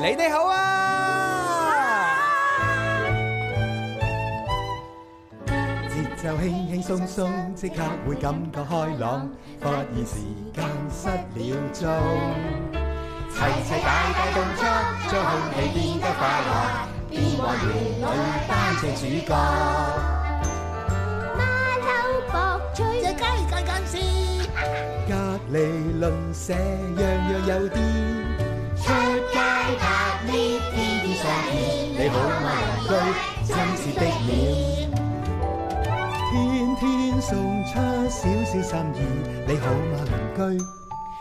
你哋好啊！節奏輕輕鬆鬆，即、啊、刻會感覺開朗，發現時間失了蹤。齊齊大大動作，將空氣變得快樂，邊畫邊舞，扮成主角、嗯。馬騮博取在街角講笑，隔離鄰舍，樣樣有啲。你天天你好嗎？鄰居，親切的臉。天天送出少少心意，你好嗎？鄰居，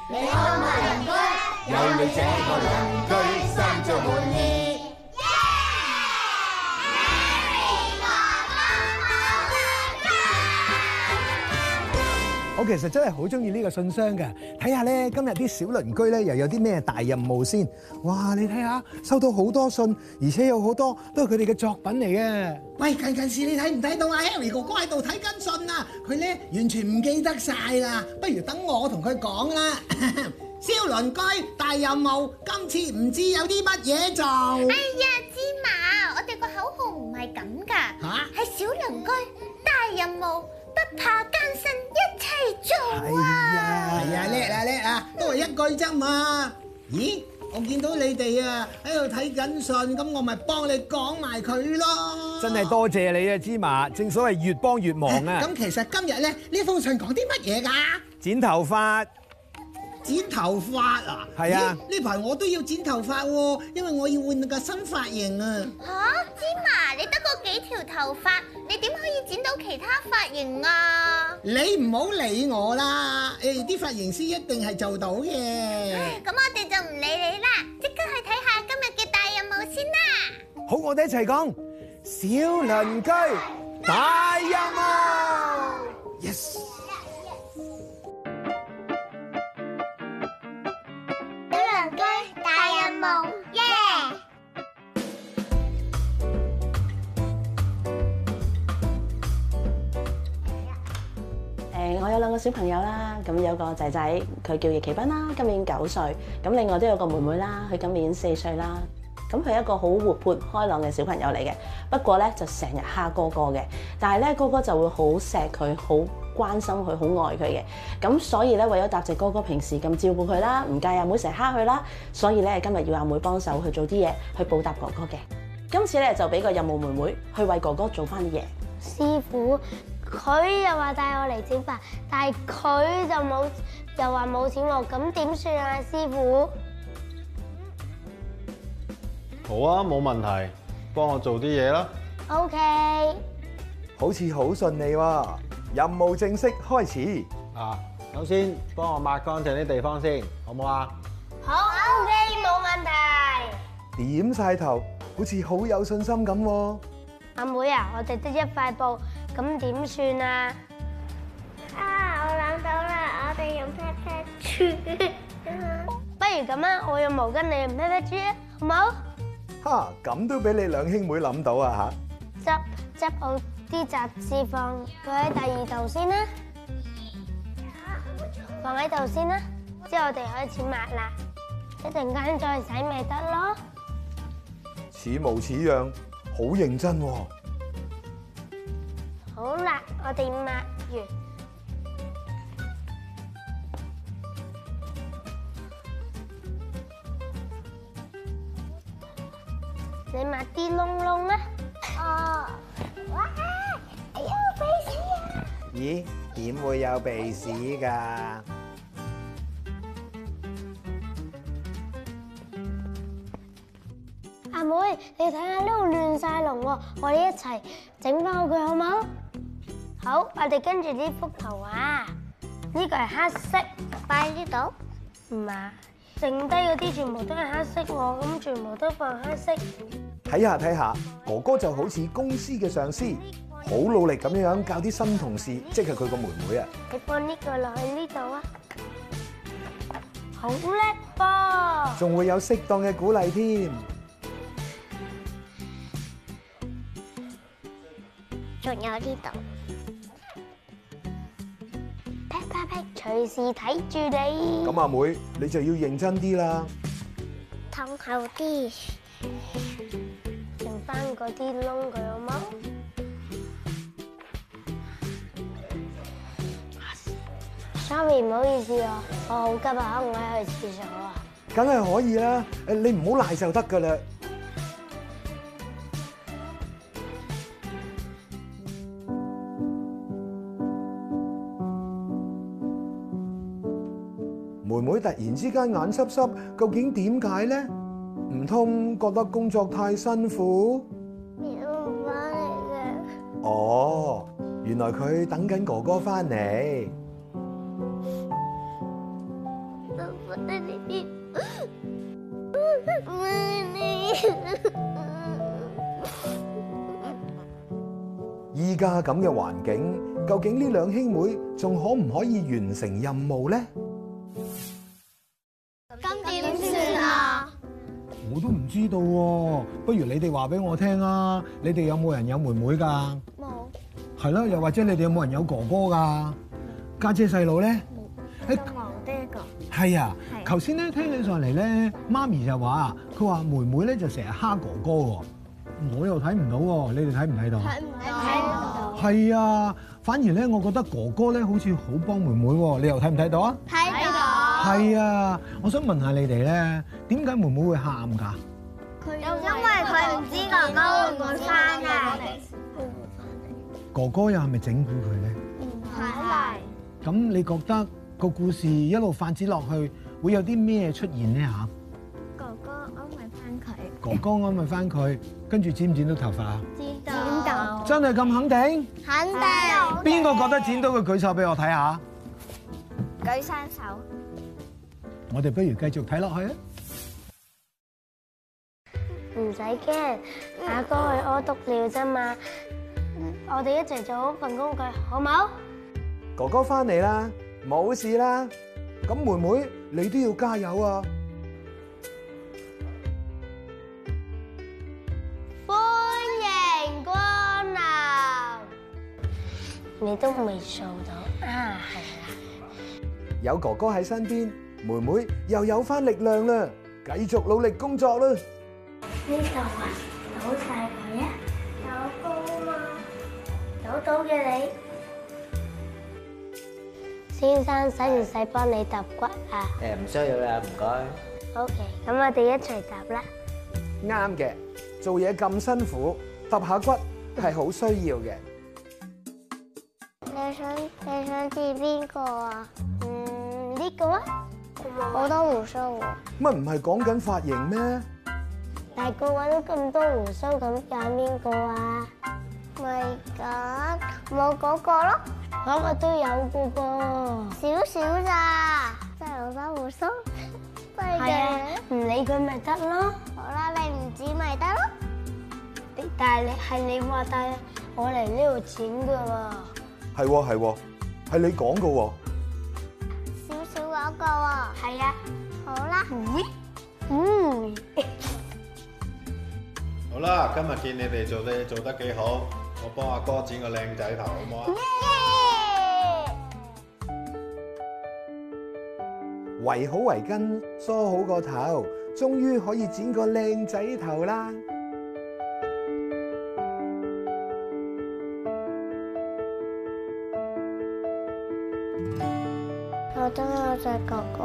你好嗎鄰居，有你這個鄰居，心中滿意。我其實真係好中意呢個信箱嘅，睇下咧今日啲小鄰居咧又有啲咩大任務先？哇！你睇下收到好多信，而且有好多都係佢哋嘅作品嚟嘅。喂，近近時你睇唔睇到阿 Harry 哥哥喺度睇緊信啊？佢咧完全唔記得晒啦。不如等我同佢講啦。 小鄰居大任務，今次唔知有啲乜嘢做。哎呀，芝麻，我哋個口號唔係咁㗎，係、啊、小鄰居大任務，不怕艱辛。一句啫嘛，咦？我見到你哋啊喺度睇緊信，咁我咪幫你講埋佢咯。真係多謝你啊，芝麻！正所謂越幫越忙啊。咁其實今日咧呢封信講啲乜嘢噶？剪頭髮，剪頭髮啊！係啊的，呢排我都要剪頭髮，因為我要換個新髮型啊。吓，芝麻，你得嗰幾條頭髮，你點可以剪到其他髮型啊？你唔好理我啦，誒，啲髮型師一定係做到嘅。咁我哋就唔理你啦，即刻去睇下今日嘅大任務先啦。好，我哋一齊講小鄰居大任務。Yes。我有兩個小朋友啦，咁有個仔仔，佢叫易奇斌啦，今年九歲，咁另外都有個妹妹啦，佢今年四歲啦。咁佢係一個好活潑、開朗嘅小朋友嚟嘅，不過咧就成日蝦哥哥嘅，但係咧哥哥就會好錫佢、好關心佢、好愛佢嘅。咁所以咧為咗答謝哥哥平時咁照顧佢啦，唔介意阿妹成日蝦佢啦，所以咧今日要阿妹幫手去做啲嘢去報答哥哥嘅。今次咧就俾個任務妹妹去為哥哥做翻啲嘢。師傅。佢又話帶我嚟剪髮，但係佢就冇又話冇錢喎，咁點算啊，師傅？好啊，冇問題，幫我做啲嘢啦。OK，好似好順利喎，任務正式開始啊！首先幫我抹乾淨啲地方先，好唔好啊？好，OK，冇問題。點晒頭，好似好有信心咁喎。阿妹啊，我哋得一塊布。咁點算啊？啊，我諗到啦，我哋用 pat pat 豬啦。不如咁啦，我用毛巾，你用 pat pat 豬啊，好冇？哈，咁都俾你兩兄妹諗到啊吓！執執好啲雜誌，放佢喺第二度先啦，放喺度先啦，之後我哋開始抹啦，一陣間再洗咪得咯。似模似樣，好認真。好啦，我哋抹完。你抹啲窿窿啊！哦，哇！哎呀，鼻屎啊！咦？點會有鼻屎噶？阿妹，你睇下呢度亂晒龍喎，我哋一齊整翻好佢好唔好？好，我哋跟住呢幅圖啊，呢個係黑色，擺喺呢度。唔係，剩低嗰啲全部都係黑色喎，咁全部都放黑色。睇下睇下，哥哥就好似公司嘅上司，好努力咁樣教啲新同事，即係佢個妹妹啊。你放呢個落去呢度啊，好叻噃，仲會有適當嘅鼓勵添，仲有呢度。隨時睇住你。咁阿妹，你就要認真啲啦。等後啲，剩翻嗰啲窿佢好嗎？Sorry，唔好意思啊，我好急啊，可唔可以去廁所啊？梗係可以啦，誒，你唔好賴就得噶啦。妹突然之間眼濕濕，究竟點解呢？唔通覺得工作太辛苦？爸爸嚟嘅。哦，原來佢等緊哥哥翻嚟。爸爸你，媽媽你。依家咁嘅環境，究竟呢兩兄妹仲可唔可以完成任務呢？我都唔知道喎、哦，不如你哋話俾我聽啊！你哋有冇人有妹妹㗎？冇有。係咯，又或者你哋有冇人有哥哥㗎？家姐細佬咧？冇。係、哎、爹個哥。係啊。係是。頭先咧，聽起上嚟咧，媽咪就話啊，佢話妹妹咧就成日蝦哥哥，我又睇唔到，你哋睇唔睇到？睇唔睇到？係啊，反而咧，我覺得哥哥咧好似好幫妹妹，你又睇唔睇到啊？睇。係啊，我想問下你哋咧，點解妹妹會喊噶？佢因為佢唔知哥哥會唔會返啊。哥哥又係咪整蠱佢咧？唔係。咁你覺得個故事一路發展落去會有啲咩出現咧？吓？哥哥安慰翻佢。哥哥安慰翻佢，跟住剪唔剪到頭髮啊？剪到。真係咁肯定？肯定。邊個覺得剪到嘅舉手俾我睇下。舉雙手。我哋不如繼續睇落去啊！唔使驚，阿哥去屙督尿啫嘛。我哋一齊做好份工具，好冇？哥哥翻嚟啦，冇事啦。咁妹妹你都要加油啊！歡迎光臨。你都未做到啊？係啊！有哥哥喺身邊。妹妹又有翻力量啦，繼續努力工作啦。呢度啊，好大台啊，好高啊，早早嘅你，先生使唔使幫你揼骨啊？誒，唔需要啦，唔該。OK，咁我哋一齊揼啦。啱嘅，做嘢咁辛苦，揼下骨係好需要嘅。你想你想知邊個啊？嗯，呢個啊？好多鬍鬚喎！乜唔係講緊髮型咩？大個搵咗咁多鬍鬚，咁揀邊個啊？咪咁冇嗰個咯？嗰個都有個噃，少少咋？真係好多鬍鬚，係嘅。唔理佢咪得咯。好啦、啊，你唔剪咪得咯。但係你係、啊、你話帶我嚟呢度剪噶嘛？係係，係你講噶。係啊，是是的好啦吧，嗯， 好啦，今日見你哋做，做得做得幾好，我幫阿哥剪個靚仔頭好唔 Yeah. 好啊？圍好圍巾，梳好個頭，終於可以剪個靚仔頭啦。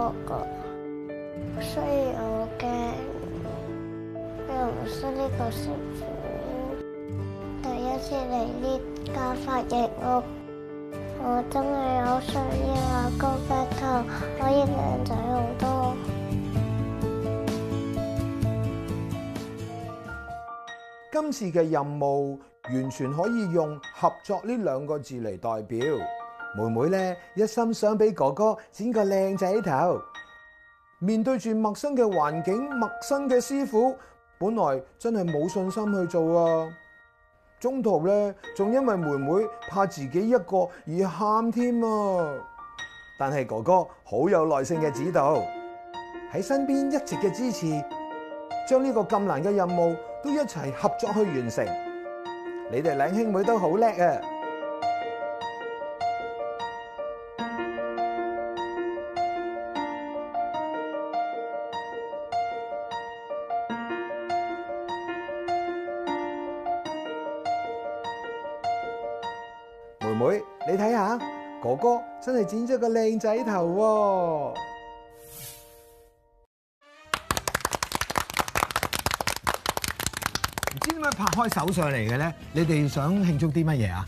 所以我驚又唔識呢個師傅。第一次嚟呢家髮型屋，我真係好想要阿哥發頭，可以靚仔好多。今次嘅任務完全可以用合作呢兩個字嚟代表。妹妹咧，一心想俾哥哥剪個靚仔頭。面對住陌生嘅環境、陌生嘅師傅，本來真係冇信心去做啊。中途咧，仲因為妹妹怕自己一個而喊添啊。但係哥哥好有耐性嘅指導，喺身邊一直嘅支持，將呢個咁難嘅任務都一齊合作去完成。你哋兩兄妹都好叻啊！妹妹，你睇下，哥哥真係剪咗個靚仔頭喎。唔知點解拍開手上嚟嘅咧？你哋想慶祝啲乜嘢啊？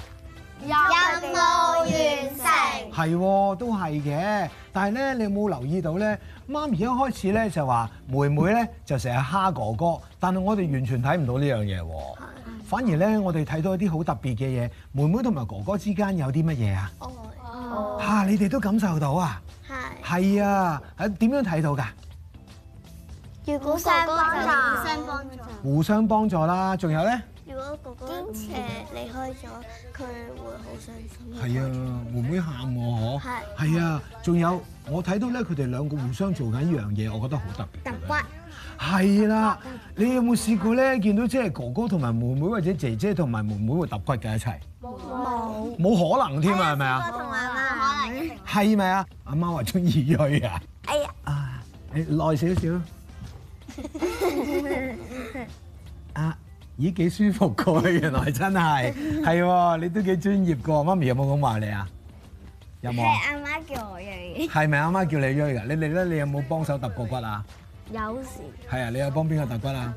任務完成係喎，都係嘅。但係咧，你有冇留意到咧？媽咪一開始咧就話妹妹咧、嗯、就成日蝦哥哥，但係我哋完全睇唔到呢樣嘢喎。反而咧，我哋睇到一啲好特別嘅嘢，妹妹同埋哥哥之間有啲乜嘢啊？哦哦，吓你哋都感受到啊？係係啊，喺點樣睇到㗎？如果哥哥就互相幫助，互相幫助啦。仲有咧？如果哥哥離開咗，佢會好傷心。係啊，妹妹喊我。嗬？係呀，啊，仲有我睇到咧，佢哋兩個互相做緊一樣嘢，我覺得好特別。係啦，你有冇試過咧？見到即係哥哥同埋妹妹，或者姐姐同埋妹妹會揼骨嘅一齊，冇冇有可能添啊？係咪、哎、呀啊？同埋冇可能。係咪啊？阿媽話中意揼啊！哎呀啊，耐少少啊，咦幾舒服㗎、啊，原來真係係喎，你都幾專業㗎、啊。媽咪有冇咁話你啊？有冇？係阿媽，媽叫我揼。係咪阿媽叫你揼噶、啊？你嚟咧，你有冇幫手揼過骨啊？有時。係啊，你有幫邊個揼骨啊？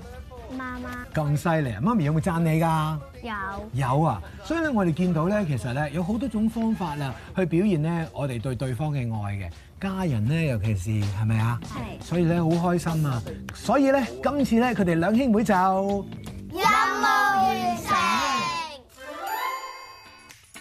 媽媽。咁犀利啊！媽咪有冇讚你㗎？有。有啊，所以咧，我哋見到咧，其實咧，有好多種方法啦，去表現咧，我哋對對方嘅愛嘅。家人咧，尤其是係咪啊？係。是所以咧，好開心啊！所以咧，今次咧，佢哋兩兄妹就任務完成！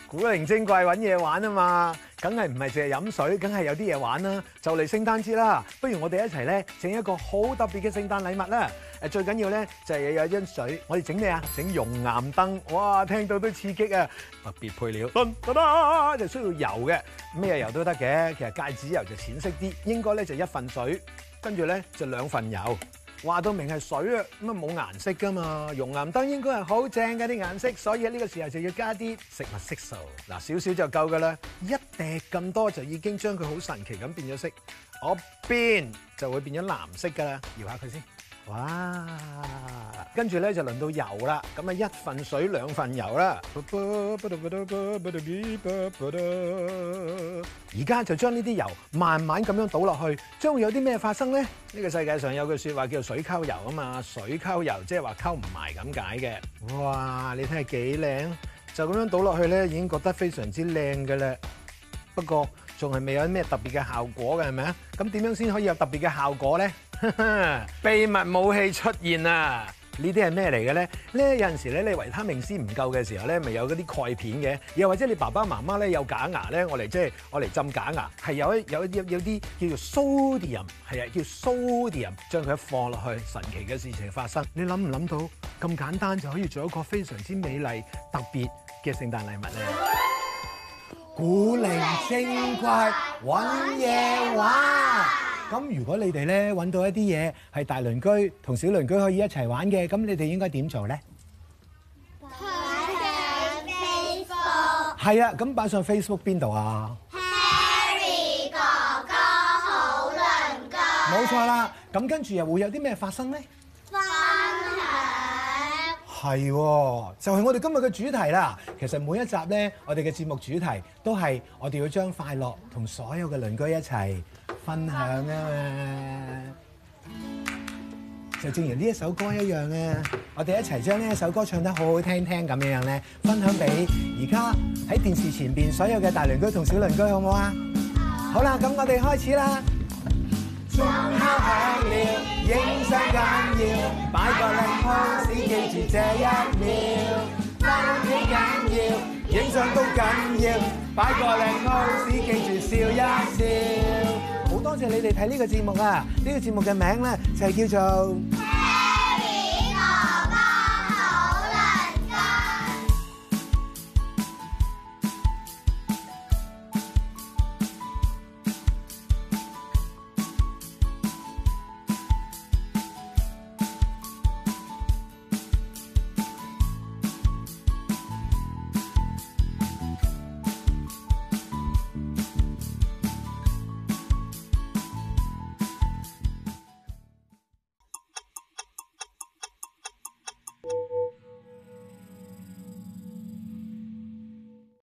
古靈精怪揾嘢玩啊嘛！梗係唔係淨係飲水，梗係有啲嘢玩啦！就嚟聖誕節啦，不如我哋一齊咧整一個好特別嘅聖誕禮物啦！最緊要咧就係有一樽水，我哋整咩啊？整熔岩燈，哇！聽到都刺激啊！特別配料，噔噔噔就需要油嘅，咩油都得嘅。其實芥子油就淺色啲，應該咧就一份水，跟住咧就兩份油。話到明係水，咁啊冇顏色噶嘛，熔岩燈應該係好正㗎啲顏色，所以喺呢個時候就要加啲食物色素，嗱，少少就夠噶啦，一滴咁多就已經將佢好神奇咁變咗色，我變就會變咗藍色噶啦，搖下佢先。哇！跟住咧就輪到油啦，咁啊一份水兩份油啦。而家就將呢啲油慢慢咁樣倒落去，將會有啲咩發生咧？呢個世界上有句說話叫做水溝油啊嘛，水溝油，水溝油即係話溝唔埋咁解嘅。哇！你睇下幾靚，就咁樣倒落去咧，已經覺得非常之靚嘅啦。不過仲係未有咩特別嘅效果嘅，係咪啊？咁點樣先可以有特別嘅效果咧？ 秘密武器出現啦！呢啲係咩嚟嘅咧？呢有陣時咧，你維他命 C 唔夠嘅時候咧，咪有嗰啲鈣片嘅；又或者你爸爸媽媽咧有假牙咧，我嚟即係我嚟浸假牙係，係有一有一啲有啲叫做 sodium，係啊叫 sodium，將佢一放落去，神奇嘅事情發生。你諗唔諗到咁簡單就可以做一個非常之美麗特別嘅聖誕禮物咧？古靈精怪揾嘢玩，玩。咁如果你哋咧揾到一啲嘢係大鄰居同小鄰居可以一齊玩嘅，咁你哋應該點做呢？擺上 Facebook。係啊，咁擺上 Facebook 邊度啊？Harry 哥哥好鄰居。冇錯啦，咁跟住又會有啲咩發生呢？分享。係喎，就係、是、我哋今日嘅主題啦。其實每一集呢，我哋嘅節目主題都係我哋要將快樂同所有嘅鄰居一齊。分享啊嘛，就正如呢一首歌一樣啊，我哋一齊將呢一首歌唱得好好聽聽，咁樣咧，分享俾而家喺電視前邊所有嘅大鄰居同小鄰居好，嗯嗯好唔好啊？好啦，咁我哋開始啦。鐘敲響了，影相緊要，擺個靚 pose 記住這一秒，拍起緊要，影相都緊要，擺個靚 pose 記住笑一笑。多謝你哋睇呢個節目啊！呢個節目嘅名咧就係叫做。